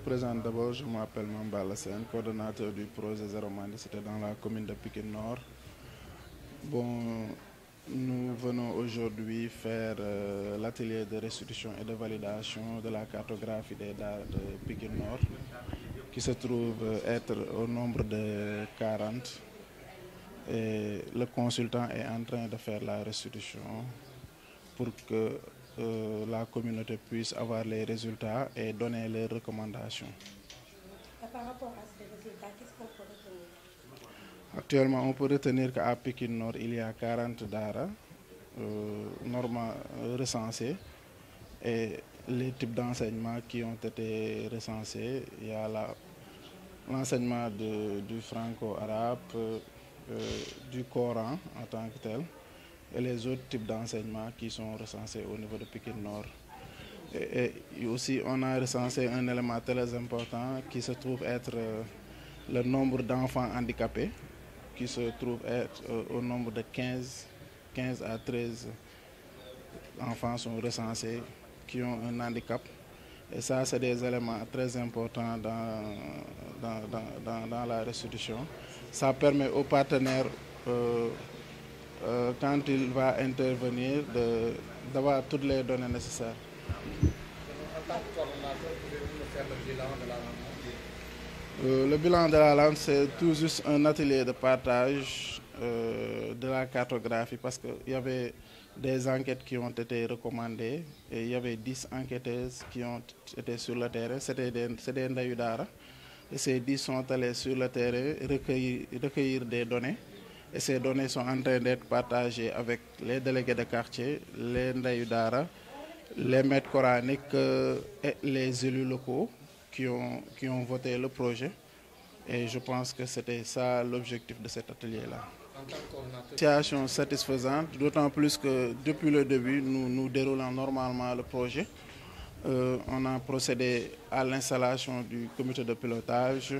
présente d'abord, je m'appelle Mambala Sen, coordonnateur du projet Zéro Mendicité dans la commune de Piquet Nord. Bon, nous venons aujourd'hui faire euh, l'atelier de restitution et de validation de la cartographie des dates de Piquet Nord, qui se trouve euh, être au nombre de quarante Et le consultant est en train de faire la restitution pour que la communauté puisse avoir les résultats et donner les recommandations. Actuellement, on peut retenir qu'à Pikine Nord, il y a 40 daara euh, normal euh, recensés et les types d'enseignement qui ont été recensés, il y a l'enseignement du franco-arabe, euh, du Coran en tant que tel. et les autres types d'enseignements qui sont recensés au niveau de Pékin Nord. Et, et, aussi, on a recensé un élément très important qui se trouve être euh, le nombre d'enfants handicapés, qui se trouve être euh, au nombre de 15, 15 à 13 enfants sont recensés qui ont un handicap. Et ça, c'est des éléments très importants dans, dans, dans, dans, la restitution. Ça permet aux partenaires euh, euh, quand il va intervenir de d'avoir toutes les données nécessaires. Euh, le bilan de la lande c'est tout juste un atelier de partage euh, de la cartographie parce que il y avait des enquêtes qui ont été recommandées et il y avait dix enquêteuses qui ont été sur le terrain c'était des c'est des ndayu daara et ces dix sont allés sur le terrain recueillir des données et ces données sont en train d'être partagées avec les délégués de quartier, les Ndayu Dara, les maîtres coraniques euh, et les élus locaux qui ont, voté le projet. Et je pense que c'était ça l'objectif de cet atelier-là. Situation satisfaisante, d'autant plus que depuis le début, nous, nous déroulons normalement le projet. Euh, on a procédé à l'installation du comité de pilotage,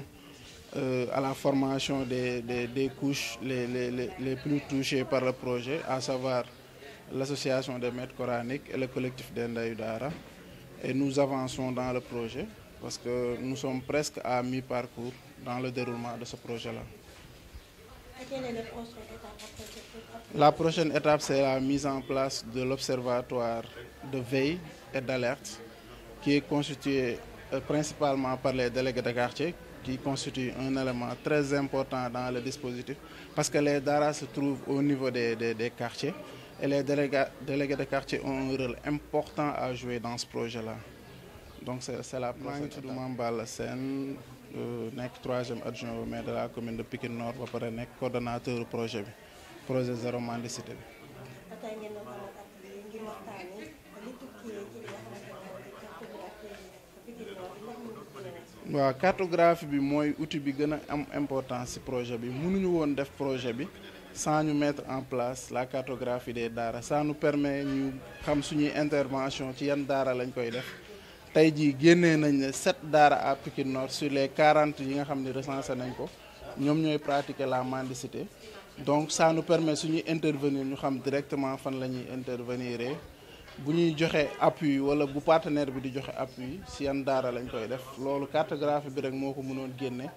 euh, à la formation des, des, des couches les, les, les, les, plus touchées par le projet, à savoir l'association des maîtres coraniques et le collectif d'Endaïdara. Et nous avançons dans le projet parce que nous sommes presque à mi-parcours dans le déroulement de ce projet-là. La prochaine étape, c'est la mise en place de l'observatoire de veille et d'alerte qui est constitué euh, principalement par les délégués de quartier qui constitue un élément très important dans le dispositif parce que les daara se trouvent au niveau des, des, des quartiers et les délégués, délégués de quartier ont un rôle important à jouer dans ce projet-là. donc c' est c' est la maa ngi tudd Mame Balla Sène euh, nekk troisième adjoint au maire de la commune de Pikine Nord ba pare nekk coordonnateur projet bi projet zéro mendicité bi. waaw cartographie bi mooy outil bi gën a am importance ci projet bi mënuñu woon def projet bi sans ñu mettre en place la cartographie des daara ça nu permet ñu xam suñuy intervention ci yan daara lañ koy def tey jii génnee nañ ne sept daara à Pikine sur les quarante yi nga xam ne recensé nañ ko ñoom ñooy pratiquer la mendicité donc ça nous permet suñuy intervenir ñu xam directement fan la ñuy intervenir bu ñuy joxe appui wala bu partenaire bi di joxe appui si yan daara lañ koy def loolu cartographie bi rek moo ko mënoon génne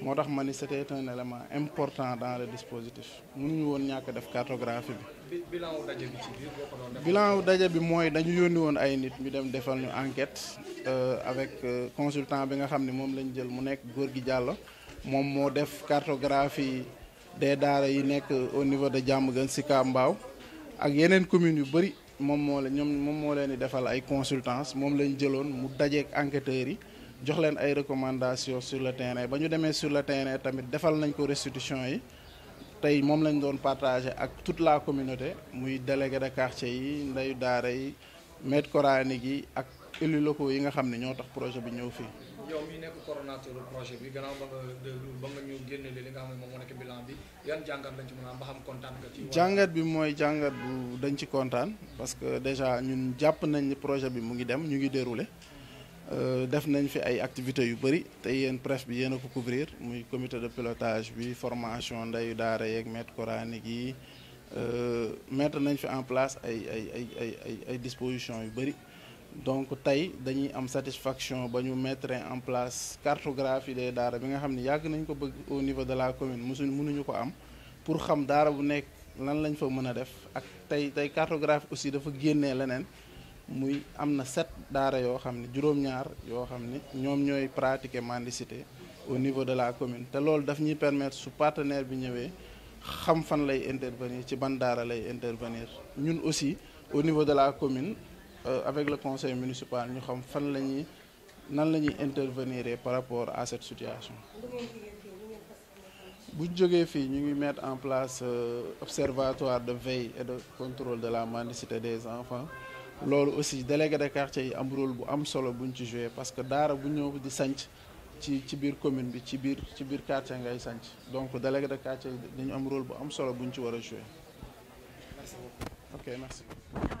moo tax ma ni c'était un élément important dans le dispositif mënuñu woon ñàkk def cartographie bi. bilan daje bi mooy dañu yónni woon ay nit ñu dem defal ñu enquête euh, avec euh, consultant bi nga xam ni moom lañ jël mu nekk góor gi Diallo moom moo def cartographie des daara yi nekk au niveau de Diamaguène Sicap Mbao ak yeneen communes yu bëri. moom moo la ñoom moom moo leen di defal ay consultance moom lañ jëloon mu dajeek enquêteurs yi jox leen ay recommandation sur le terrain ba ñu demee sur le terrain tamit defal nañ ko restitution yi tey moom lañ doon partagé ak toute la communauté muy délégué de quartier yi ndeyu daara yi maître coranique gi ak élus yi nga xam ne ñoo tax projet bi ñëw fii. yow mi nekk projet bi gannaaw ba nga ba nga ñu génne li nga xam ne moom moo nekk bilan bi a mooy jàngat bu. dañ ci kontaan parce que déjà ñun jàpp nañ ni projet bi mu ngi dem ñu ngi déroulé euh, def nañ fi ay activités yu bëri te yéen presse bi yéen a ko couvrir muy comité de pilotage bi formation ndeyu daara yeeg maître coranique yi euh, mettre nañ fi en place ay ay ay ay ay ay dispositions yu bëri donc tey dañuy am satisfaction ba ñu mettre en place cartographie des daara bi nga xam ne yàgg nañ ko bëgg au niveau de la commune mosuñ mënuñu ko am pour xam daara bu nekk. lan lañ fa mën a def ak tey tey cartographie aussi dafa génnee leneen muy am na sept daara yoo xam ne juróom-ñaar yoo xam ni ñoom ñooy pratiquer mendicité au niveau de la commune te loolu daf ñuy permettre su partenaire bi ñëwee xam fan lay intervenir ci ban daara lay intervenir ñun aussi au niveau de la commune euh, avec le conseil municipal ñu xam fan la ñuy nan la ñuy intervenir par rapport à cette situation bu ñu jógee fii ñu ngi mettre en place euh, observatoire de veille et de contrôle de la mendicité des enfants loolu aussi délégué de quartier yi am rôle bu am solo bu ñu ci joué parce que daara bu ñëw di sanc ci ci biir commune bi ci biir ci biir quartier ngay sanc donc délégué de quartier dañu am rôle bu am solo bu ñu ci war a joué ok merci